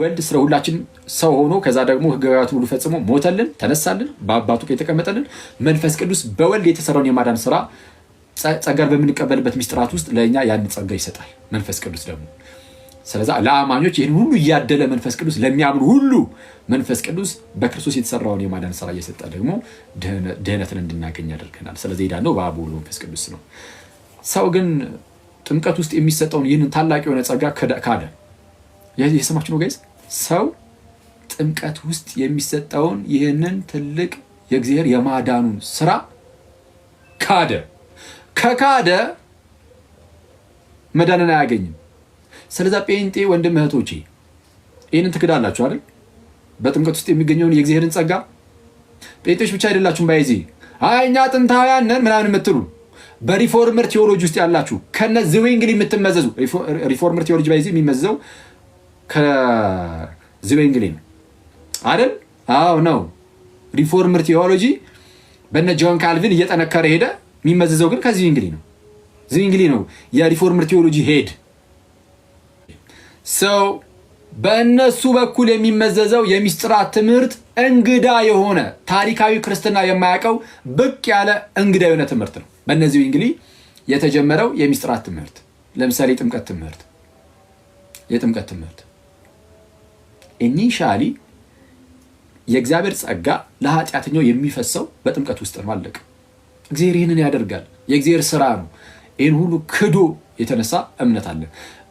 ወልድ ስለ ሁላችን ሰው ሆኖ ከዛ ደግሞ ሕግጋቱን ሁሉ ፈጽሞ ሞተልን፣ ተነሳልን፣ በአባቱ የተቀመጠልን መንፈስ ቅዱስ በወልድ የተሰራውን የማዳን ስራ ጸጋን በምንቀበልበት ሚስጥራት ውስጥ ለእኛ ያን ጸጋ ይሰጣል መንፈስ ቅዱስ ደግሞ። ስለዛ ለአማኞች ይህን ሁሉ እያደለ መንፈስ ቅዱስ ለሚያምኑ ሁሉ መንፈስ ቅዱስ በክርስቶስ የተሰራውን የማዳን ስራ እየሰጠ ደግሞ ድህነትን እንድናገኝ ያደርገናል። ስለዚህ ሄዳ ነው በአብ ወልድ መንፈስ ቅዱስ ነው። ሰው ግን ጥምቀት ውስጥ የሚሰጠውን ይህንን ታላቅ የሆነ ጸጋ ካለ የሰማችን ነው ጋይዝ ሰው ጥምቀት ውስጥ የሚሰጠውን ይህንን ትልቅ የእግዚአብሔር የማዳኑን ስራ ካደ። ከካደ መዳንን አያገኝም። ስለዛ ጴንጤ ወንድም እህቶቼ ይህንን ትክዳላችሁ አይደል? በጥምቀት ውስጥ የሚገኘውን የእግዚአብሔርን ጸጋ ጴንጤዎች ብቻ አይደላችሁም። ባይዚ አይኛ እኛ ጥንታውያን ነን ምናምን የምትሉ በሪፎርመር ቴዎሎጂ ውስጥ ያላችሁ ከነ ዝዊንግሊ የምትመዘዙ ሪፎርመር ቴዎሎጂ ባይዚ የሚመዘዘው ከዝቤንግሊ ነው አይደል? አዎ ነው። ሪፎርምር ቴዎሎጂ በነ ጆን ካልቪን እየጠነከረ ሄደ። የሚመዘዘው ግን ከዝዊንግሊ ነው። ዝዊንግሊ ነው የሪፎርምር ቴዎሎጂ ሄድ ሰው በእነሱ በኩል የሚመዘዘው የሚስጥራት ትምህርት እንግዳ የሆነ ታሪካዊ ክርስትና የማያውቀው ብቅ ያለ እንግዳ የሆነ ትምህርት ነው። በእነዚህ እንግዲህ የተጀመረው የሚስጥራት ትምህርት ለምሳሌ የጥምቀት ትምህርት የጥምቀት ትምህርት ኢኒሻሊ የእግዚአብሔር ጸጋ ለኃጢአተኛው የሚፈሰው በጥምቀት ውስጥ ነው። አለቀ። እግዚአብሔር ይህንን ያደርጋል። የእግዚአብሔር ስራ ነው። ይህን ሁሉ ክዶ የተነሳ እምነት አለ።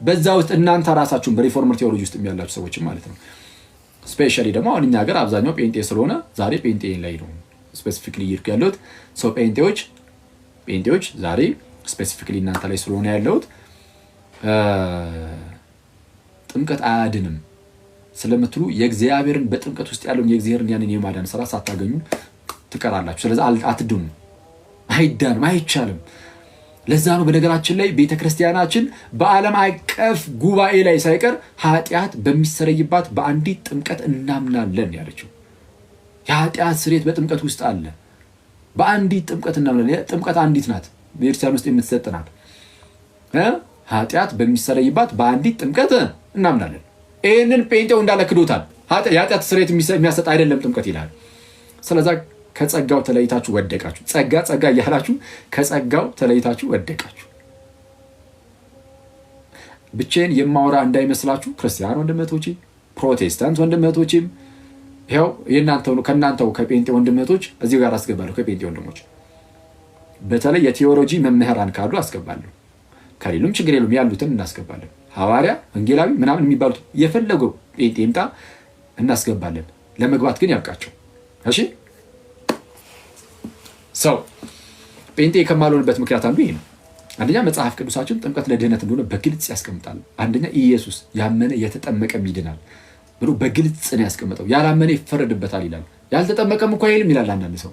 በዛ ውስጥ እናንተ ራሳችሁን በሪፎርመር ቴዎሎጂ ውስጥ የሚያላችሁ ሰዎች ማለት ነው። ስፔሻሊ ደግሞ አሁን እኛ ሀገር አብዛኛው ጴንጤ ስለሆነ ዛሬ ጴንጤ ላይ ነው ስፔሲፊክሊ እየሄድኩ ያለሁት። ሰው ጴንጤዎች ጴንጤዎች ዛሬ ስፔሲፊክሊ እናንተ ላይ ስለሆነ ያለሁት ጥምቀት አያድንም ስለምትሉ የእግዚአብሔርን በጥምቀት ውስጥ ያለውን የእግዚአብሔርን ያንን የማዳን ስራ ሳታገኙ ትቀራላችሁ። ስለዚህ አትድኑ። አይዳንም፣ አይቻልም። ለዛ ነው በነገራችን ላይ ቤተ ክርስቲያናችን በዓለም አቀፍ ጉባኤ ላይ ሳይቀር ኃጢአት በሚሰረይባት በአንዲት ጥምቀት እናምናለን ያለችው። የኃጢአት ስሬት በጥምቀት ውስጥ አለ። በአንዲት ጥምቀት እናምናለን። ጥምቀት አንዲት ናት፣ ቤተክርስቲያን ውስጥ የምትሰጥ ኃጢአት በሚሰረይባት በአንዲት ጥምቀት እናምናለን። ይህንን ጴንጤው እንዳለ ክዶታል። የኃጢአት ስርየት የሚያሰጥ አይደለም ጥምቀት ይላል። ስለዛ ከጸጋው ተለይታችሁ ወደቃችሁ። ጸጋ ጸጋ እያላችሁ ከጸጋው ተለይታችሁ ወደቃችሁ። ብቻዬን የማወራ እንዳይመስላችሁ ክርስቲያን ወንድመቶቼ፣ ፕሮቴስታንት ወንድመቶቼም ይኸው ከእናንተው ከጴንጤ ወንድመቶች እዚህ ጋር አስገባለሁ። ከጴንጤ ወንድሞች በተለይ የቴዎሎጂ መምህራን ካሉ አስገባለሁ። ከሌሉም ችግር የሉም ያሉትን እናስገባለን። ሐዋርያ ወንጌላዊ ምናምን የሚባሉት የፈለገው ጴንጤ ይምጣ እናስገባለን። ለመግባት ግን ያብቃቸው። እሺ ሰው ጴንጤ ከማልሆንበት ምክንያት አንዱ ይሄ ነው። አንደኛ መጽሐፍ ቅዱሳችን ጥምቀት ለድህነት እንደሆነ በግልጽ ያስቀምጣል። አንደኛ ኢየሱስ ያመነ የተጠመቀም ይድናል ብሎ በግልጽ ነው ያስቀምጠው ያላመነ ይፈረድበታል ይላል። ያልተጠመቀም እኮ አይልም ይላል አንዳንድ ሰው።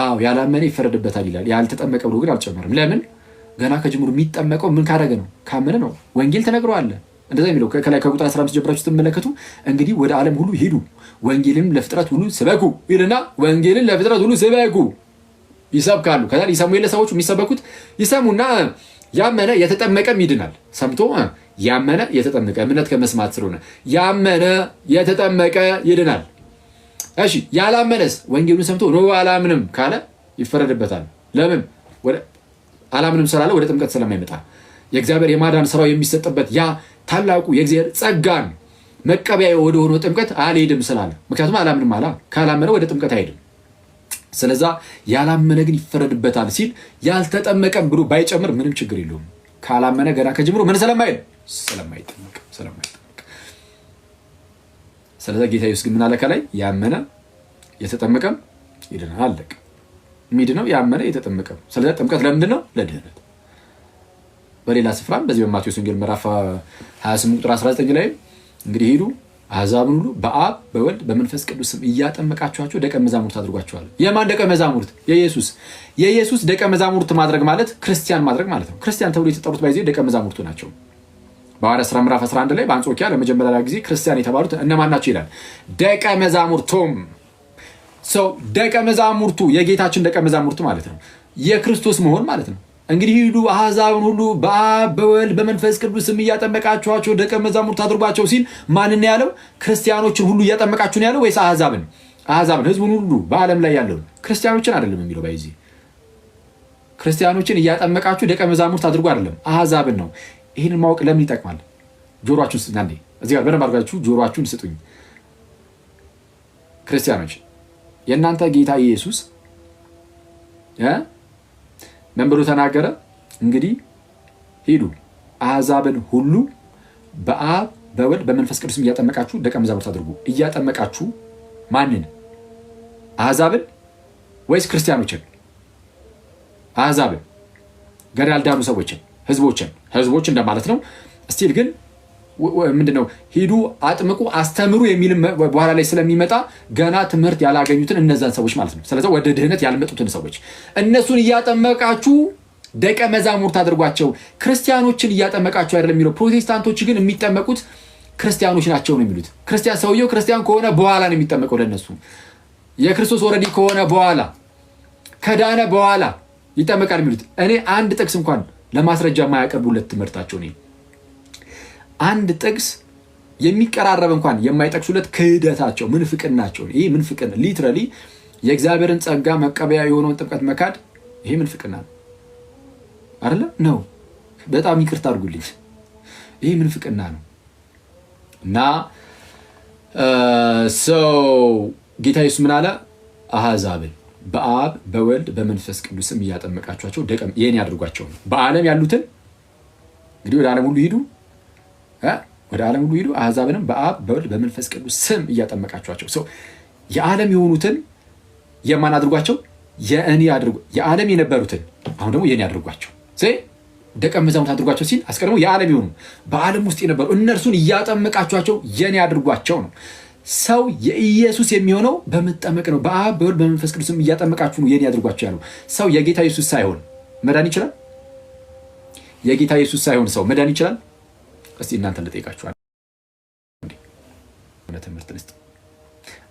አዎ ያላመነ ይፈረድበታል ይላል። ያልተጠመቀ ብሎ ግን አልጨመርም። ለምን ገና ከጅምሩ የሚጠመቀው ምን ካደረገ ነው? ካመነ ነው። ወንጌል ተነግሮ አለ እንደዛ የሚለው ከላይ ከቁጥር 15 ጀምራችሁ ስትመለከቱ እንግዲህ ወደ ዓለም ሁሉ ሄዱ ወንጌልም ለፍጥረት ሁሉ ስበኩ ይልና ወንጌልን ለፍጥረት ሁሉ ስበኩ ይሰብካሉ። ከዛ ይሰሙ የለ ሰዎች የሚሰበኩት ይሰሙና ያመነ የተጠመቀም ይድናል። ሰምቶ ያመነ የተጠመቀ እምነት ከመስማት ስለሆነ ያመነ የተጠመቀ ይድናል። እሺ ያላመነስ ወንጌሉን ሰምቶ ኖ አላምንም ካለ ይፈረድበታል። ለምን አላምንም ስላለ ወደ ጥምቀት ስለማይመጣ የእግዚአብሔር የማዳን ስራው የሚሰጥበት ያ ታላቁ የእግዚአብሔር ጸጋን መቀበያ ወደ ሆኖ ጥምቀት አልሄድም ስላለ፣ ምክንያቱም አላምንም አላ ካላመነ ወደ ጥምቀት አይሄድም። ስለዛ ያላመነ ግን ይፈረድበታል ሲል ያልተጠመቀም ብሎ ባይጨምር ምንም ችግር የለውም። ካላመነ ገና ከጅምሮ ምን ስለማይል ስለማይጠመቅ ስለማይጠመቅ። ስለዛ ጌታ ኢየሱስ ግን ምን አለ? ከላይ ያመነ የተጠመቀም ይድናል። አለቀ። የሚድነው ያመነ የተጠመቀም። ስለዚ ጥምቀት ለምንድን ነው? ለድህነት። በሌላ ስፍራም በዚህ በማቴዎስ ወንጌል ምዕራፍ 28 ቁጥር 19 ላይ እንግዲህ ሂዱ አሕዛብን ሁሉ በአብ በወልድ በመንፈስ ቅዱስ ስም እያጠመቃችኋቸው ደቀ መዛሙርት አድርጓቸዋል። የማን ደቀ መዛሙርት? የኢየሱስ የኢየሱስ ደቀ መዛሙርት ማድረግ ማለት ክርስቲያን ማድረግ ማለት ነው። ክርስቲያን ተብሎ የተጠሩት ባይዜ ደቀ መዛሙርቱ ናቸው። በሐዋርያት ሥራ ምዕራፍ 11 ላይ በአንጾኪያ ለመጀመሪያ ጊዜ ክርስቲያን የተባሉት እነማን ናቸው ይላል። ደቀ መዛሙርቱም ሰው ደቀ መዛሙርቱ የጌታችን ደቀ መዛሙርቱ ማለት ነው፣ የክርስቶስ መሆን ማለት ነው። እንግዲህ ሂዱ አሕዛብን ሁሉ በአብ በወልድ በመንፈስ ቅዱስ ስም እያጠመቃችኋቸው ደቀ መዛሙርት አድርጓቸው ሲል ማንን ያለው? ክርስቲያኖችን ሁሉ እያጠመቃችሁ ያለው ወይስ አሕዛብን? አሕዛብን፣ ህዝቡን ሁሉ በዓለም ላይ ያለውን ክርስቲያኖችን አይደለም የሚለው ባይዚ ክርስቲያኖችን እያጠመቃችሁ ደቀ መዛሙርት አድርጎ አይደለም አሕዛብን ነው። ይህንን ማወቅ ለምን ይጠቅማል? ጆሮችሁን ስጡኝ። እዚህ ጋር በደንብ አድርጋችሁ ጆሮችሁን ስጡኝ ክርስቲያኖች የእናንተ ጌታ ኢየሱስ ምን ብሎ ተናገረ? እንግዲህ ሂዱ አሕዛብን ሁሉ በአብ በወልድ በመንፈስ ቅዱስም እያጠመቃችሁ ደቀ መዛሙርት አድርጉ። እያጠመቃችሁ ማንን? አሕዛብን ወይስ ክርስቲያኖችን? አሕዛብን ገና ያልዳኑ ሰዎችን፣ ህዝቦችን፣ ህዝቦች እንደማለት ነው። እስቲል ግን ምንድነው ሂዱ አጥምቁ አስተምሩ የሚል በኋላ ላይ ስለሚመጣ ገና ትምህርት ያላገኙትን እነዛን ሰዎች ማለት ነው። ስለዚ ወደ ድህነት ያልመጡትን ሰዎች እነሱን እያጠመቃችሁ ደቀ መዛሙርት አድርጓቸው። ክርስቲያኖችን እያጠመቃችሁ አይደለም የሚለው። ፕሮቴስታንቶች ግን የሚጠመቁት ክርስቲያኖች ናቸው ነው የሚሉት። ክርስቲያን ሰውየው ክርስቲያን ከሆነ በኋላ ነው የሚጠመቀው። ለእነሱ የክርስቶስ ወረዲ ከሆነ በኋላ ከዳነ በኋላ ይጠመቃል የሚሉት እኔ አንድ ጥቅስ እንኳን ለማስረጃ የማያቀርቡለት ትምህርታቸው ነ አንድ ጥቅስ የሚቀራረብ እንኳን የማይጠቅሱለት ክህደታቸው ምንፍቅናቸው። ይህ ምንፍቅና ሊትራሊ የእግዚአብሔርን ጸጋ መቀበያ የሆነውን ጥምቀት መካድ፣ ይሄ ምንፍቅና ነው አይደለ? ነው። በጣም ይቅርታ አድርጉልኝ፣ ይህ ምንፍቅና ነው እና ሰው ጌታ ኢየሱስ ምን አለ? አህዛብን በአብ በወልድ በመንፈስ ቅዱስም እያጠመቃችኋቸው ደቀ ይህን አድርጓቸው ነው። በዓለም ያሉትን እንግዲህ ወደ ዓለም ሁሉ ሂዱ ወደ ዓለም ሁሉ ሂዱ አሕዛብንም በአብ በወልድ በመንፈስ ቅዱስ ስም እያጠመቃችኋቸው ሰው የዓለም የሆኑትን የማን አድርጓቸው? የእኔ አድርጉ። የዓለም የነበሩትን አሁን ደግሞ የእኔ አድርጓቸው። ደቀ መዛሙርት አድርጓቸው ሲል አስቀድሞ የዓለም የሆኑ በዓለም ውስጥ የነበሩ እነርሱን እያጠመቃችኋቸው የእኔ አድርጓቸው ነው። ሰው የኢየሱስ የሚሆነው በመጠመቅ ነው። በአብ በወልድ በመንፈስ ቅዱስም እያጠመቃችሁ ነው የእኔ አድርጓቸው ያለው ሰው የጌታ ኢየሱስ ሳይሆን መዳን ይችላል። የጌታ ኢየሱስ ሳይሆን ሰው መዳን ይችላል። እስቲ እናንተ ልጠይቃችኋል። ትምህርት ልስጥ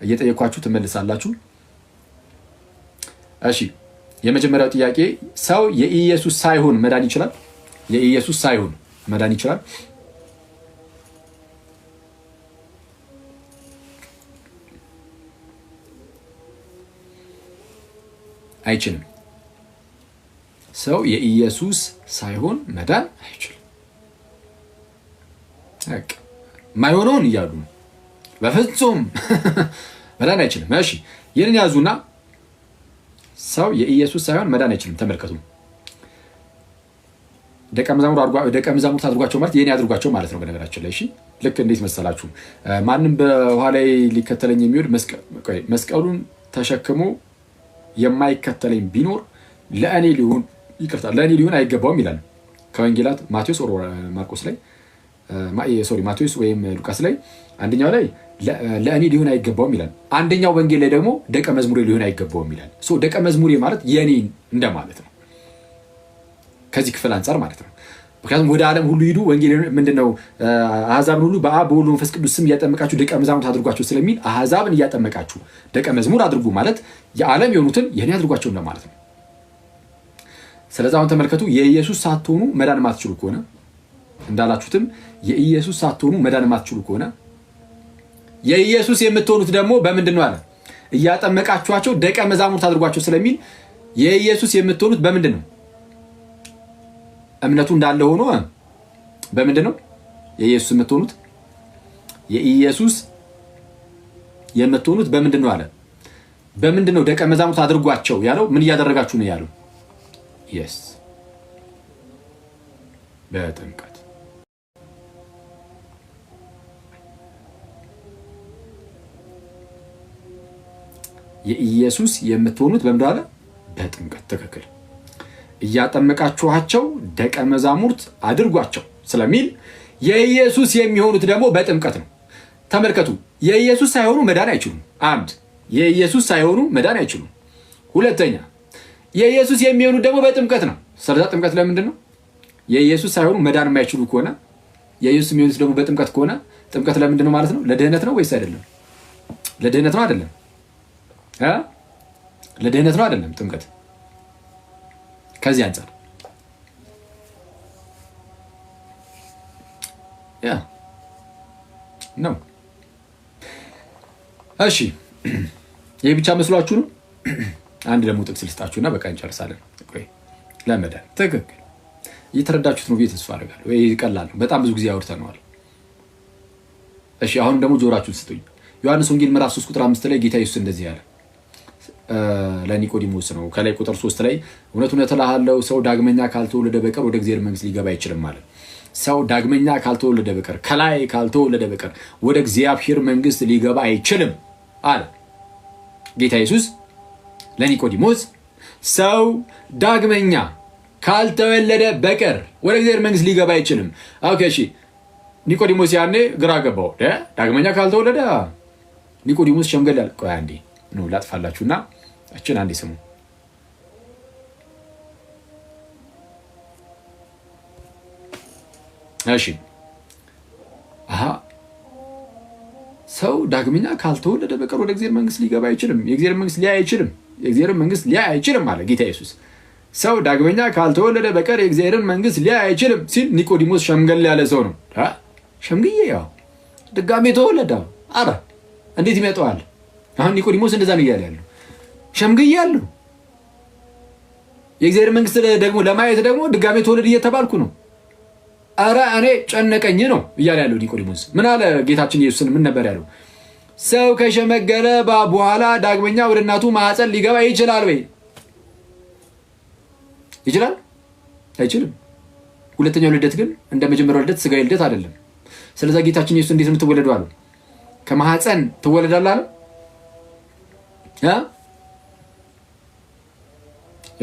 እየጠየኳችሁ ትመልሳላችሁ። እሺ የመጀመሪያው ጥያቄ ሰው የኢየሱስ ሳይሆን መዳን ይችላል? የኢየሱስ ሳይሆን መዳን ይችላል? አይችልም። ሰው የኢየሱስ ሳይሆን መዳን አይችልም። የማይሆነውን እያሉ ነው። በፍጹም መዳን አይችልም። እሺ ይህንን ያዙና ሰው የኢየሱስ ሳይሆን መዳን አይችልም። ተመልከቱ። ደቀ መዛሙርት አድርጓቸው ማለት ይህን ያድርጓቸው ማለት ነው። በነገራችን ላይ እሺ፣ ልክ እንዴት መሰላችሁ? ማንም በውሃ ላይ ሊከተለኝ የሚወድ መስቀሉን ተሸክሞ የማይከተለኝ ቢኖር ለእኔ ሊሆን ይቅርታ፣ ለእኔ ሊሆን አይገባውም ይላል ከወንጌላት ማቴዎስ ማርቆስ ላይ ሶሪ ማቴዎስ ወይም ሉቃስ ላይ አንደኛው ላይ ለእኔ ሊሆን አይገባውም ይላል። አንደኛው ወንጌል ላይ ደግሞ ደቀ መዝሙሬ ሊሆን አይገባውም ይላል። ደቀ መዝሙሬ ማለት የእኔ እንደማለት ነው፣ ከዚህ ክፍል አንጻር ማለት ነው። ምክንያቱም ወደ ዓለም ሁሉ ሂዱ ወንጌል ምንድነው? አሕዛብን ሁሉ በአብ በወልድ መንፈስ ቅዱስ ስም እያጠመቃችሁ ደቀ መዛሙርት አድርጓቸው ስለሚል አሕዛብን እያጠመቃችሁ ደቀ መዝሙር አድርጉ ማለት የዓለም የሆኑትን የእኔ አድርጓቸው እንደማለት ነው። ስለዚህ አሁን ተመልከቱ፣ የኢየሱስ ሳትሆኑ መዳን ማትችሉ ከሆነ እንዳላችሁትም የኢየሱስ ሳትሆኑ መዳን ማትችሉ ከሆነ የኢየሱስ የምትሆኑት ደግሞ በምንድን ነው አለ? እያጠመቃችኋቸው ደቀ መዛሙርት አድርጓቸው ስለሚል የኢየሱስ የምትሆኑት በምንድን ነው? እምነቱ እንዳለ ሆኖ በምንድን ነው የኢየሱስ የምትሆኑት? የኢየሱስ የምትሆኑት በምንድን ነው አለ? በምንድን ነው ደቀ መዛሙርት አድርጓቸው ያለው? ምን እያደረጋችሁ ነው ያለው? የስ በጥምቀት የኢየሱስ የምትሆኑት በምን አለ? በጥምቀት ትክክል። እያጠመቃችኋቸው ደቀ መዛሙርት አድርጓቸው ስለሚል የኢየሱስ የሚሆኑት ደግሞ በጥምቀት ነው። ተመልከቱ፣ የኢየሱስ ሳይሆኑ መዳን አይችሉም። አንድ የኢየሱስ ሳይሆኑ መዳን አይችሉም። ሁለተኛ የኢየሱስ የሚሆኑት ደግሞ በጥምቀት ነው። ስለዛ ጥምቀት ለምንድን ነው? የኢየሱስ ሳይሆኑ መዳን የማይችሉ ከሆነ የኢየሱስ የሚሆኑት ደግሞ በጥምቀት ከሆነ ጥምቀት ለምንድን ነው ማለት ነው? ለድህነት ነው ወይስ አይደለም? ለድህነት ነው አይደለም? ለድህነት ነው አይደለም ጥምቀት። ከዚህ አንጻር ያ ነው። እሺ ይህ ብቻ መስሏችሁ ነው? አንድ ደግሞ ጥቅስ ልስጣችሁና በቃ እንጨርሳለን። ለመዳን ትክክል እየተረዳችሁት ነው ብዬ ተስፋ አደርጋለሁ። ይህ በጣም ብዙ ጊዜ አውርተነዋል። እሺ አሁን ደግሞ ጆራችሁን ስጡኝ። ዮሐንስ ወንጌል ምዕራፍ 3 ቁጥር 5 ላይ ጌታ ኢየሱስ እንደዚህ ያለ ለኒቆዲሞስ ነው። ከላይ ቁጥር ሶስት ላይ እውነት እውነት እልሃለሁ ሰው ዳግመኛ ካልተወለደ በቀር ወደ እግዚአብሔር መንግስት ሊገባ አይችልም ማለት ሰው ዳግመኛ ካልተወለደ በቀር ከላይ ካልተወለደ በቀር ወደ እግዚአብሔር መንግስት ሊገባ አይችልም አለ ጌታ ኢየሱስ ለኒቆዲሞስ። ሰው ዳግመኛ ካልተወለደ በቀር ወደ እግዚአብሔር መንግስት ሊገባ አይችልም። ኦኬ እሺ፣ ኒቆዲሞስ ያኔ ግራ ገባው። ዳግመኛ ካልተወለደ ኒቆዲሞስ ሸምገል ያልቀ እንዴ ነው ላጥፋላችሁና እችን አንድ ስሙ። እሺ አሀ ሰው ዳግመኛ ካልተወለደ በቀር ወደ እግዚአብሔር መንግስት ሊገባ አይችልም። የእግዚአብሔር መንግስት ሊያይ አይችልም። የእግዚአብሔር መንግስት ሊያይ አይችልም አለ ጌታ ኢየሱስ። ሰው ዳግመኛ ካልተወለደ በቀር የእግዚአብሔርን መንግስት ሊያይ አይችልም ሲል ኒቆዲሞስ ሸምገል ያለ ሰው ነው። ሸምግዬ ያው ድጋሜ ተወለደ። አረ እንዴት ይመጣዋል? አሁን ኒቆዲሞስ እንደዛ ነው እያለ ያለው ሸምግያለሁ። የእግዚአብሔር መንግስት ደግሞ ለማየት ደግሞ ድጋሜ ትወልድ እየተባልኩ ነው። አረ እኔ ጨነቀኝ ነው እያለ ያለው ኒቆዲሞስ። ምን አለ ጌታችን ኢየሱስን ምን ነበር ያለው? ሰው ከሸመገለ በኋላ ዳግመኛ ወደ እናቱ ማህፀን ሊገባ ይችላል ወይ? ይችላል? አይችልም። ሁለተኛው ልደት ግን እንደ መጀመሪያው ልደት ስጋዊ ልደት አይደለም። ስለዛ ጌታችን ኢየሱስ እንዴት ነው የምትወለደው አለ። ከማህፀን ትወለዳለህ አለ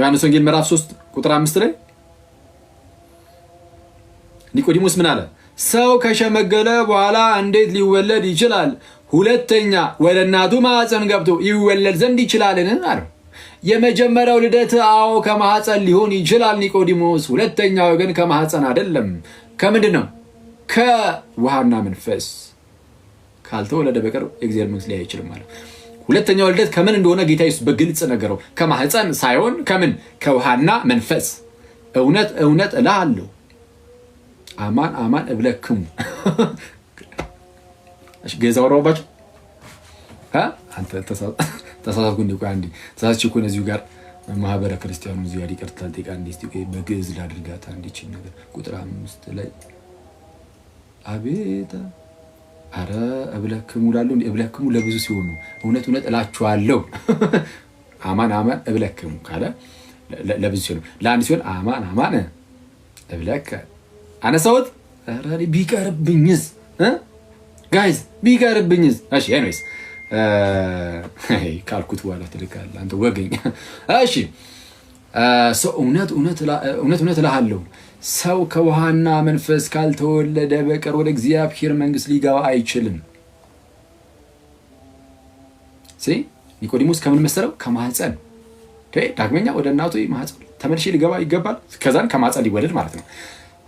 ዮሐንስ ወንጌል ምዕራፍ 3 ቁጥር 5 ላይ ኒቆዲሞስ ምን አለ? ሰው ከሸመገለ በኋላ እንዴት ሊወለድ ይችላል? ሁለተኛ ወደ እናቱ ገብቶ ይወለድ ዘንድ ይችላልን? አለ። የመጀመሪያው ልደት አዎ ከማህፀን ሊሆን ይችላል ኒቆዲሞስ። ሁለተኛው ግን ከማህፀን አይደለም። ከምንድን ነው? ከውሃና መንፈስ ካልተወለደ በቀር የእግዚአብሔር መንግሥት ሊያይ አይችልም ማለት ሁለተኛው ልደት ከምን እንደሆነ ጌታ ኢየሱስ በግልጽ ነገረው። ከማህፀን ሳይሆን ከምን ከውሃና መንፈስ። እውነት እውነት እልሃለሁ አማን አማን እብለክሙ ገዛ ወራባቸው ተሳሳትኩ እንዲ አንዴ ተሳስቼ እኮ እነዚሁ ጋር ማህበረ ክርስቲያኑ እዚህ ጋር ይቅርታ ጠይቃ በግዕዝ ላድርጋት አንዲችን ነገር ቁጥር አምስት ላይ አቤታ አረ እብለክሙ ላሉ እብለክሙ ለብዙ ሲሆኑ እውነት እውነት እላችኋለሁ አማን አማን እብለክሙ ካለ ለብዙ ሲሆኑ ለአንድ ሲሆን አማን አማን እብለከ አነሳሁት ቢቀርብኝዝ ጋይዝ ቢቀርብኝዝ እሺ ኤኒዌይስ ካልኩት በኋላ ትልካለህ አንተ ወገኝ እሺ እውነት እውነት እልሃለሁ ሰው ከውሃና መንፈስ ካልተወለደ በቀር ወደ እግዚአብሔር መንግስት ሊገባ አይችልም። ኒቆዲሞስ ከምን መሰለው? ከማህፀን ዳግመኛ ወደ እናቱ ማህፀን ተመልሼ ሊገባ ይገባል። ከዛን ከማህፀን ሊወለድ ማለት ነው።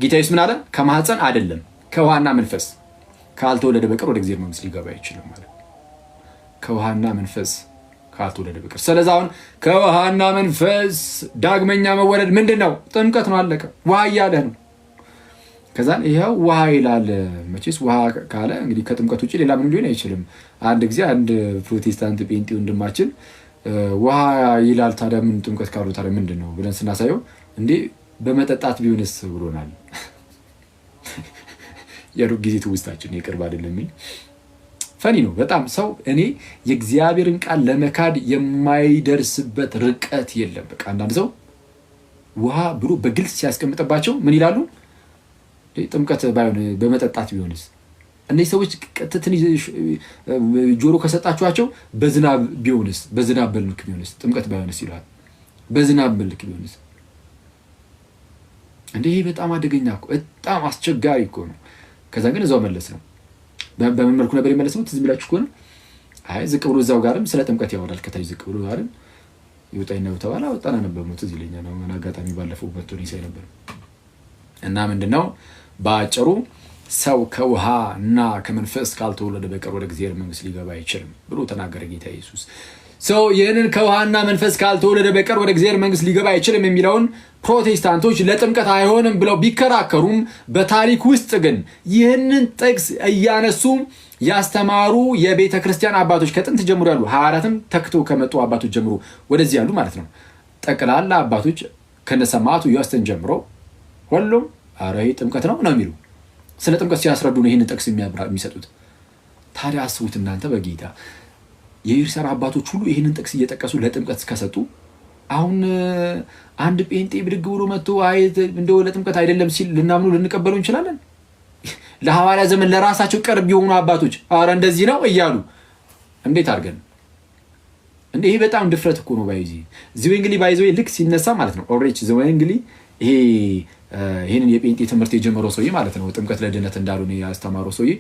ጌታዬስ ምን አለ? ከማህፀን አይደለም ከውሃና መንፈስ ካልተወለደ በቀር ወደ እግዚአብሔር መንግስት ሊገባ አይችልም ማለት ከውሃና መንፈስ ካልተወለደ በቀር። ስለዚ አሁን ከውሃና መንፈስ ዳግመኛ መወለድ ምንድን ነው? ጥምቀት ነው። አለቀ። ውሃ እያለህ ነው። ከዛን ይኸው ውሃ ይላል። መቼስ ውሃ ካለ እንግዲህ ከጥምቀት ውጭ ሌላ ምን ሊሆን አይችልም። አንድ ጊዜ አንድ ፕሮቴስታንት ጴንጤ ወንድማችን ውሃ ይላል ታዲያ ምን ጥምቀት ካሉ ታዲያ ምንድን ነው ብለን ስናሳየው እንዴ በመጠጣት ቢሆንስ ብሎናል። የሩቅ ጊዜ ትውስታችን የቅርብ አይደለም የሚል ፈኒ ነው በጣም ሰው። እኔ የእግዚአብሔርን ቃል ለመካድ የማይደርስበት ርቀት የለም። በቃ አንዳንድ ሰው ውሃ ብሎ በግልጽ ሲያስቀምጥባቸው ምን ይላሉ? ጥምቀት ባይሆን በመጠጣት ቢሆንስ? እነዚህ ሰዎች ትንሽ ጆሮ ከሰጣችኋቸው በዝናብ ቢሆንስ? በዝናብ መልክ ቢሆንስ? ጥምቀት ባይሆንስ ይሏል። በዝናብ መልክ ቢሆንስ? እንዲህ በጣም አደገኛ በጣም አስቸጋሪ እኮ ነው። ከዛ ግን እዛው መለስ ነው በምን መልኩ ነበር የመለሰው? ትዝ የሚላችሁ ከሆነ አይ ዝቅ ብሎ እዛው ጋርም ስለ ጥምቀት ያወራል። ከታች ዝቅ ብሎ ጋርም ነው ተባለ። ወጣና ነበር ሞት ትዝ ይለኛል። ምን አጋጣሚ ባለፈው መቶ ሳይ ነበር እና ምንድን ነው በአጭሩ ሰው ከውሃ እና ከመንፈስ ካልተወለደ በቀር ወደ እግዚአብሔር መንግስት ሊገባ አይችልም ብሎ ተናገረ ጌታ ኢየሱስ። ሰው ይህንን ከውሃና መንፈስ ካልተወለደ በቀር ወደ እግዚአብሔር መንግስት ሊገባ አይችልም የሚለውን ፕሮቴስታንቶች ለጥምቀት አይሆንም ብለው ቢከራከሩም በታሪክ ውስጥ ግን ይህንን ጥቅስ እያነሱ ያስተማሩ የቤተ ክርስቲያን አባቶች ከጥንት ጀምሮ ያሉ ሐዋርያትም ተክተው ከመጡ አባቶች ጀምሮ ወደዚህ ያሉ ማለት ነው። ጠቅላላ አባቶች ከነሰማቱ ዮስተን ጀምሮ ሁሉም ኧረ ይህ ጥምቀት ነው ነው የሚሉ ስለ ጥምቀት ሲያስረዱ ነው ይህንን ጥቅስ የሚሰጡት። ታዲያ አስቡት እናንተ በጌታ የዩርሰራ አባቶች ሁሉ ይህንን ጥቅስ እየጠቀሱ ለጥምቀት እስከሰጡ አሁን አንድ ጴንጤ ብድግ ብሎ መጥቶ አይ እንደው ለጥምቀት አይደለም ሲል ልናምኑ ልንቀበለው እንችላለን? ለሐዋርያ ዘመን ለራሳቸው ቅርብ የሆኑ አባቶች አረ እንደዚህ ነው እያሉ እንዴት አድርገን እንደ ይሄ በጣም ድፍረት እኮ ነው። ባይዚ ዚዌንግሊ ባይዘ ልክ ሲነሳ ማለት ነው ኦሬች ዚዌንግሊ ይሄ ይህንን የጴንጤ ትምህርት የጀመረው ሰውዬ ማለት ነው ጥምቀት ለድነት እንዳሉ ያስተማረው ሰውዬ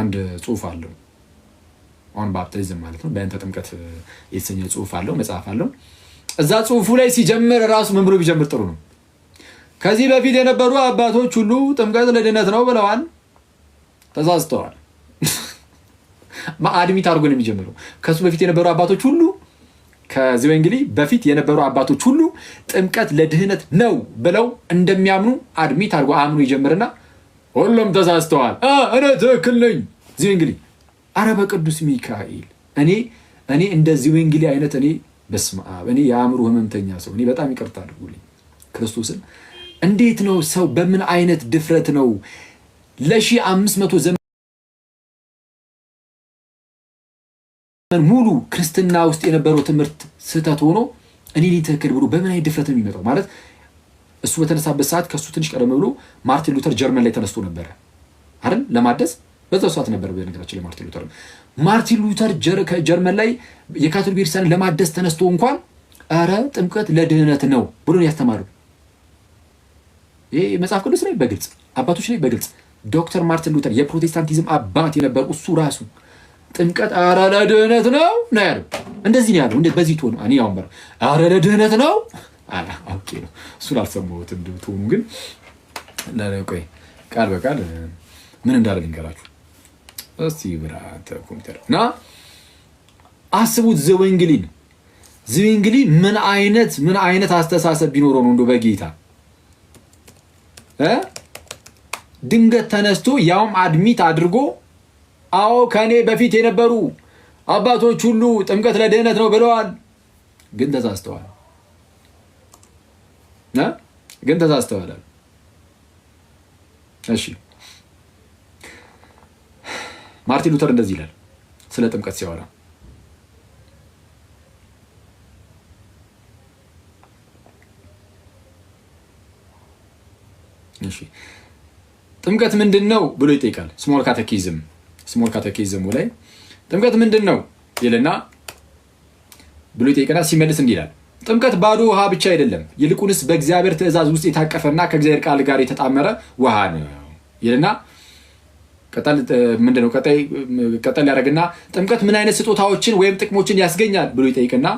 አንድ ጽሁፍ አለው ኦን ባፕቲዝም ማለት ነው። በእንተ ጥምቀት የተሰኘ ጽሁፍ አለው መጽሐፍ አለው። እዛ ጽሁፉ ላይ ሲጀምር ራሱ ምን ብሎ ቢጀምር ጥሩ ነው? ከዚህ በፊት የነበሩ አባቶች ሁሉ ጥምቀት ለድነት ነው ብለዋል፣ ተሳስተዋል። አድሚት አድርጎ ነው የሚጀምረው። ከሱ በፊት የነበሩ አባቶች ሁሉ ከዚህ እንግዲህ በፊት የነበሩ አባቶች ሁሉ ጥምቀት ለድህነት ነው ብለው እንደሚያምኑ አድሚት አድርጎ አምኑ ይጀምርና ሁሉም ተሳስተዋል፣ እኔ ትክክል ነኝ። እዚህ እንግዲህ አረ በቅዱስ ሚካኤል እኔ እኔ እንደዚህ ወንጌል አይነት እኔ በስመ አብ እኔ የአእምሮ ህመምተኛ ሰው እኔ በጣም ይቅርታ አድርጉልኝ። ክርስቶስን እንዴት ነው ሰው በምን አይነት ድፍረት ነው ለሺ አምስት መቶ ዘመን ሙሉ ክርስትና ውስጥ የነበረው ትምህርት ስህተት ሆኖ እኔ ሊተክል ብሎ በምን አይነት ድፍረት ነው የሚመጣው? ማለት እሱ በተነሳበት ሰዓት ከእሱ ትንሽ ቀደም ብሎ ማርቲን ሉተር ጀርመን ላይ ተነስቶ ነበረ አይደል ለማደስ በዛው ሰዓት ነበር በነገራችን ላይ ማርቲን ሉተር ማርቲን ሉተር ጀርመን ላይ የካቶሊክ ቤተክርስቲያንን ለማደስ ተነስቶ እንኳን ኧረ ጥምቀት ለድህነት ነው ብሎ ያስተማሩ ይህ መጽሐፍ ቅዱስ ላይ በግልጽ አባቶች ላይ በግልጽ ዶክተር ማርቲን ሉተር የፕሮቴስታንቲዝም አባት የነበሩ እሱ ራሱ ጥምቀት ኧረ ለድህነት ነው ነው ያለው። እንደዚህ ነው ያለው። በዚህ ቶን እኔ ያው ኧረ ለድህነት ነው አውቄ ነው እሱን አልሰማሁትም። ትሆኑ ግን ቆይ ቃል በቃል ምን እንዳለ ልንገራችሁ እስቲ ብራ ኮምፒውተር እና አስቡት። ዘወንግሊን ዘወንግሊ ምን አይነት ምን አይነት አስተሳሰብ ቢኖረው ነው እንዶ በጌታ ድንገት ተነስቶ ያውም አድሚት አድርጎ አዎ ከእኔ በፊት የነበሩ አባቶች ሁሉ ጥምቀት ለድህነት ነው ብለዋል፣ ግን ተሳስተዋል ግን ተሳስተዋላል። እሺ ማርቲን ሉተር እንደዚህ ይላል ስለ ጥምቀት ሲያወራ ጥምቀት ምንድን ነው ብሎ ይጠይቃል። ስሞል ካተኪዝም ስሞል ካተኪዝሙ ላይ ጥምቀት ምንድን ነው ይልና ብሎ ይጠይቅና ሲመልስ እንዲህ ይላል። ጥምቀት ባዶ ውሃ ብቻ አይደለም፣ ይልቁንስ በእግዚአብሔር ትእዛዝ ውስጥ የታቀፈና ከእግዚአብሔር ቃል ጋር የተጣመረ ውሃ ነው ይልና ምንድነው ቀጠል ያደረግና ጥምቀት ምን አይነት ስጦታዎችን ወይም ጥቅሞችን ያስገኛል ብሎ ይጠይቅና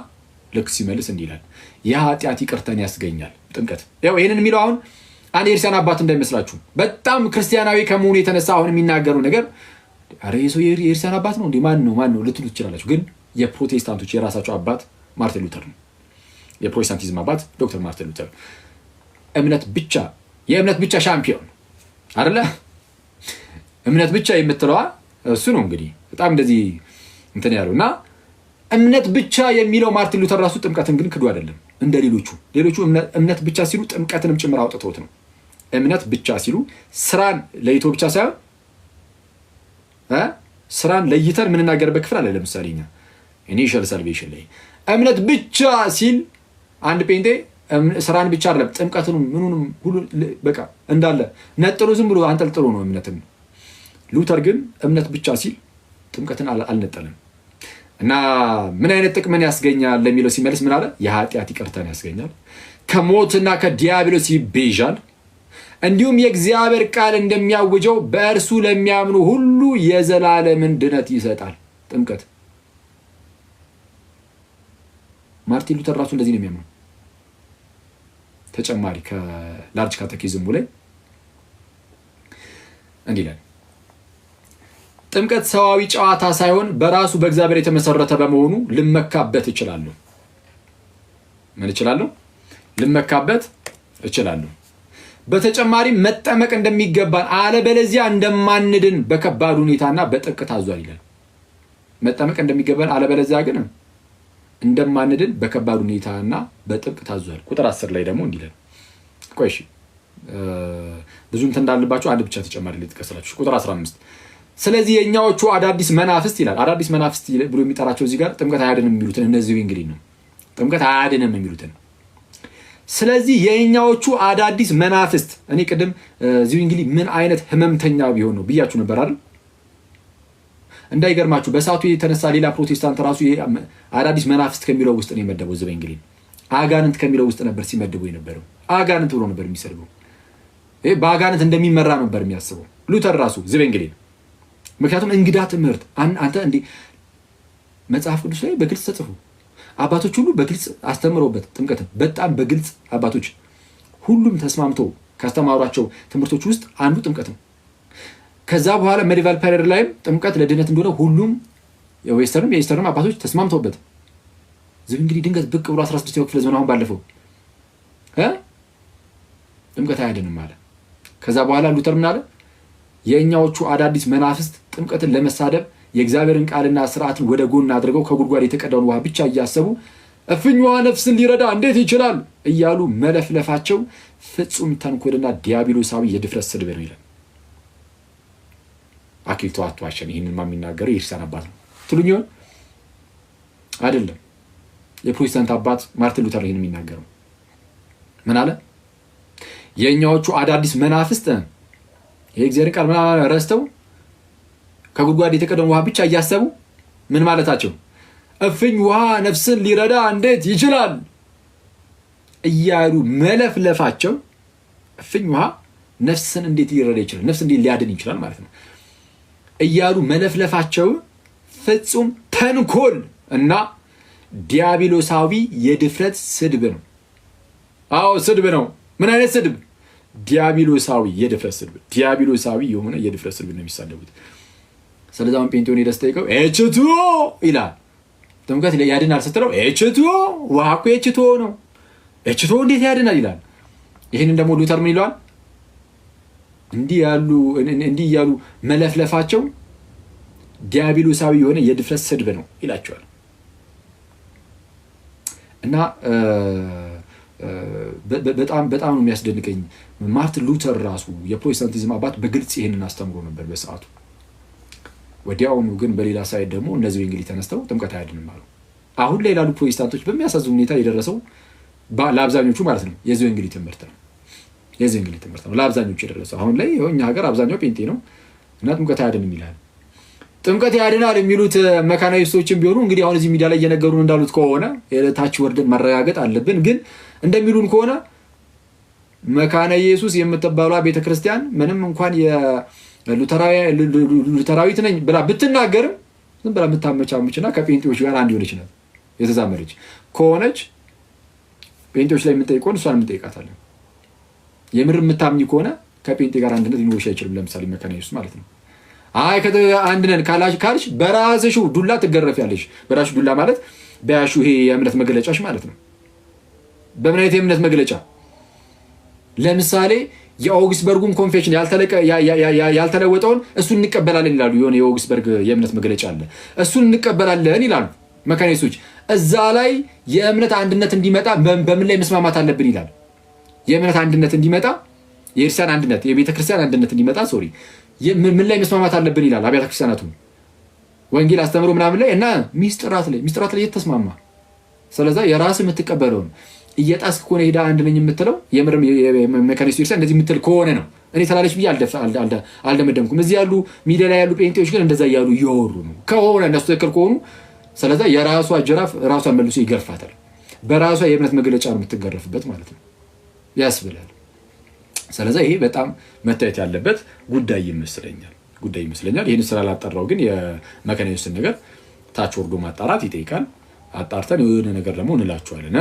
ልክ ሲመልስ እንዲህ ይላል የኃጢአት ይቅርተን ያስገኛል ጥምቀት። ያው ይህንን የሚለው አሁን አንድ የክርስቲያን አባት እንዳይመስላችሁ በጣም ክርስቲያናዊ ከመሆኑ የተነሳ አሁን የሚናገሩ ነገር ኧረ የሰው የክርስቲያን አባት ነው እንዲህ ማን ነው ማን ነው ልትሉ ትችላላችሁ። ግን የፕሮቴስታንቶች የራሳቸው አባት ማርቲን ሉተር ነው። የፕሮቴስታንቲዝም አባት ዶክተር ማርቲን ሉተር እምነት ብቻ የእምነት ብቻ ሻምፒዮን አደለ እምነት ብቻ የምትለዋ እሱ ነው እንግዲህ በጣም እንደዚህ እንትን ያለው እና እምነት ብቻ የሚለው ማርቲን ሉተር ራሱ ጥምቀትን ግን ክዱ አይደለም እንደ ሌሎቹ ሌሎቹ እምነት ብቻ ሲሉ ጥምቀትንም ጭምር አውጥተውት ነው እምነት ብቻ ሲሉ ስራን ለይቶ ብቻ ሳይሆን ስራን ለይተን የምንናገርበት ክፍል አለ። ለምሳሌ ኛ ኢኒሺያል ሳልቬሽን ላይ እምነት ብቻ ሲል አንድ ጴንጤ ስራን ብቻ አይደለም ጥምቀትንም ምኑንም ሁሉ በቃ እንዳለ ነጥሎ ዝም ብሎ አንጠልጥሎ ነው እምነትም ሉተር ግን እምነት ብቻ ሲል ጥምቀትን አልነጠልም እና ምን አይነት ጥቅምን ያስገኛል ለሚለው ሲመልስ ምን አለ? የኃጢአት ይቅርታን ያስገኛል፣ ከሞትና ከዲያብሎስ ይቤዣል፣ እንዲሁም የእግዚአብሔር ቃል እንደሚያውጀው በእርሱ ለሚያምኑ ሁሉ የዘላለምን ድነት ይሰጣል። ጥምቀት ማርቲን ሉተር ራሱ እንደዚህ ነው የሚያምኑ ተጨማሪ ከላርጅ ካተኪዝሙ ላይ እንዲህ ይላል ጥምቀት ሰዋዊ ጨዋታ ሳይሆን በራሱ በእግዚአብሔር የተመሰረተ በመሆኑ ልመካበት እችላለሁ። ምን እችላለሁ? ልመካበት እችላለሁ። በተጨማሪም መጠመቅ እንደሚገባን አለበለዚያ እንደማንድን በከባድ ሁኔታና በጥብቅ ታዟል ይላል። መጠመቅ እንደሚገባን አለበለዚያ ግን እንደማንድን በከባድ ሁኔታና በጥብቅ ታዟል። ቁጥር አስር ላይ ደግሞ እንዲለን ቆይ ብዙ እንትን እንዳለባቸው አንድ ብቻ ተጨማሪ ላይ ጥቀስላችሁ ቁጥር 15 ስለዚህ የእኛዎቹ አዳዲስ መናፍስት ይላል። አዳዲስ መናፍስት ብሎ የሚጠራቸው እዚህ ጋር ጥምቀት አያድንም የሚሉትን እነዚህ እንግዲህ ነው ጥምቀት አያድንም የሚሉትን ስለዚህ የእኛዎቹ አዳዲስ መናፍስት እኔ ቅድም እዚሁ እንግዲህ ምን አይነት ህመምተኛ ቢሆን ነው ብያችሁ ነበር አይደል? እንዳይገርማችሁ በሰዓቱ የተነሳ ሌላ ፕሮቴስታንት ራሱ አዳዲስ መናፍስት ከሚለው ውስጥ ነው የመደበው። ዘበ እንግዲህ አጋንንት ከሚለው ውስጥ ነበር ሲመድቡ የነበረው። አጋንንት ብሎ ነበር የሚሰድበው። በአጋንንት እንደሚመራ ነበር የሚያስበው ሉተር ራሱ ዘበ እንግዲህ ምክንያቱም እንግዳ ትምህርት አንተ እንዴ መጽሐፍ ቅዱስ ላይ በግልጽ ተጽፎ አባቶች ሁሉ በግልጽ አስተምረውበት ጥምቀት በጣም በግልጽ አባቶች ሁሉም ተስማምተው ካስተማሯቸው ትምህርቶች ውስጥ አንዱ ጥምቀት ነው። ከዛ በኋላ ሜዲቫል ፓሪድ ላይም ጥምቀት ለድህነት እንደሆነ ሁሉም የዌስተርንም የኢስተርንም አባቶች ተስማምተውበት ዝም እንግዲህ ድንገት ብቅ ብሎ 16ኛው ክፍለ ዘመን አሁን ባለፈው ጥምቀት አያድንም አለ። ከዛ በኋላ ሉተር ምን አለ? የእኛዎቹ አዳዲስ መናፍስት ጥምቀትን ለመሳደብ የእግዚአብሔርን ቃልና ስርዓትን ወደ ጎን አድርገው ከጉድጓድ የተቀዳውን ውሃ ብቻ እያሰቡ እፍኛዋ ነፍስን ሊረዳ እንዴት ይችላል እያሉ መለፍለፋቸው ፍጹም ተንኮልና ዲያብሎሳዊ የድፍረት ስድብ ነው ይላል። አክሊቱ አትዋሸን። ይህንን ማ የሚናገረው የክርስቲያን አባት ነው ትሉኝ ይሆን? አይደለም። የፕሮቴስታንት አባት ማርቲን ሉተር ይህን የሚናገረው ምን አለ? የእኛዎቹ አዳዲስ መናፍስት ይሄ እግዚአብሔር ቃል ምናምን ረስተው ከጉድጓድ የተቀደሙ ውሃ ብቻ እያሰቡ ምን ማለታቸው እፍኝ ውሃ ነፍስን ሊረዳ እንዴት ይችላል እያሉ መለፍለፋቸው እፍኝ ውሃ ነፍስን እንዴት ሊረዳ ይችላል፣ ነፍስ እንዴት ሊያድን ይችላል ማለት ነው እያሉ መለፍለፋቸው ፍጹም ተንኮል እና ዲያብሎሳዊ የድፍረት ስድብ ነው። አዎ ስድብ ነው። ምን አይነት ስድብ? ዲያብሎሳዊ የድፍረት ስድብ ዲያብሎሳዊ የሆነ የድፍረት ስድብ ነው የሚሳደቡት። ስለዚህ አሁን ጴንጤውን ሄደህ ስጠይቀው ኤችቱ ይላል። ጥምቀት ያድናል ስትለው ኤችቱ ውሃ እኮ ኤችቱ ነው ኤችቱ እንዴት ያድናል ይላል። ይህንን ደግሞ ሉተር ምን ይለዋል? እንዲህ ያሉ እንዲህ እያሉ መለፍለፋቸው ዲያብሎሳዊ የሆነ የድፍረት ስድብ ነው ይላቸዋል እና በጣም በጣም ነው የሚያስደንቀኝ። ማርትን ሉተር ራሱ የፕሮቴስታንቲዝም አባት በግልጽ ይህንን አስተምሮ ነበር በሰዓቱ። ወዲያውኑ ግን በሌላ ሳይድ ደግሞ እነዚህ እንግዲህ ተነስተው ጥምቀት አያድንም አሉ። አሁን ላይ ላሉ ፕሮቴስታንቶች በሚያሳዝን ሁኔታ የደረሰው ለአብዛኞቹ ማለት ነው የዚህ እንግዲህ ትምህርት ነው የዚህ እንግዲህ ትምህርት ነው ለአብዛኞቹ የደረሰው። አሁን ላይ እኛ ሀገር አብዛኛው ጴንጤ ነው እና ጥምቀት አያድንም ይላል። ጥምቀት ያድናል የሚሉት መካናይስቶችን ቢሆኑ እንግዲህ አሁን እዚህ ሚዲያ ላይ እየነገሩን እንዳሉት ከሆነ ታች ወርደን ማረጋገጥ አለብን። ግን እንደሚሉን ከሆነ መካነ ኢየሱስ የምትባሏ ቤተክርስቲያን ምንም እንኳን ሉተራዊት ነኝ ብላ ብትናገርም ዝም ብላ የምታመቻምችና ከጴንጤዎች ጋር አንድ ሆነች ነው የተዛመደች ከሆነች ጴንጤዎች ላይ የምንጠይቀውን እሷን የምንጠይቃታለን። የምር የምታምኝ ከሆነ ከጴንጤ ጋር አንድነት ሊኖርሽ አይችልም። ለምሳሌ መካነ ኢየሱስ ማለት ነው። አይ አንድ ነን ካልሽ በራስሽ ዱላ ትገረፊያለሽ። በራስሽ ዱላ ማለት በያሹ ይሄ የእምነት መግለጫሽ ማለት ነው። በምን አይነት የእምነት መግለጫ? ለምሳሌ የአውግስበርጉን ኮንፌሽን ያልተለወጠውን እሱን እንቀበላለን ይላሉ። የሆነ በርግ የእምነት መግለጫ አለ። እሱን እንቀበላለን ይላሉ መካኒስቶች። እዛ ላይ የእምነት አንድነት እንዲመጣ በምን ላይ መስማማት አለብን ይላል። የእምነት አንድነት እንዲመጣ፣ የክርስቲያን አንድነት፣ የቤተክርስቲያን አንድነት እንዲመጣ ሶሪ ምን ላይ መስማማት አለብን ይላል አብያተ ክርስቲያናቱ ወንጌል አስተምሮ ምናምን ላይ እና ሚስጥራት ላይ ሚስጥራት ላይ የተስማማ ስለዛ የራስ የምትቀበለውን እየጣስክ ከሆነ ሄዳ አንድ ነኝ የምትለው የምር መካኒስ ቤተክርስቲያን እንደዚህ የምትል ከሆነ ነው። እኔ ተላለች ብዬ አልደመደምኩም። እዚህ ያሉ ሚዲያ ላይ ያሉ ጴንጤዎች ግን እንደዛ እያሉ እየወሩ ነው። ከሆነ እነሱ ትክክል ከሆኑ ስለዛ የራሷ ጅራፍ ራሷን መልሶ ይገርፋታል። በራሷ የእምነት መግለጫ ነው የምትገረፍበት ማለት ነው ያስብላል። ስለዚ ይሄ በጣም መታየት ያለበት ጉዳይ ይመስለኛል ጉዳይ ይመስለኛል። ይህን ላጠራው ግን የመካኒዝስን ነገር ታች ወርዶ ማጣራት ይጠይቃል። አጣርተን የሆነ ነገር ደግሞ እንላችኋለን።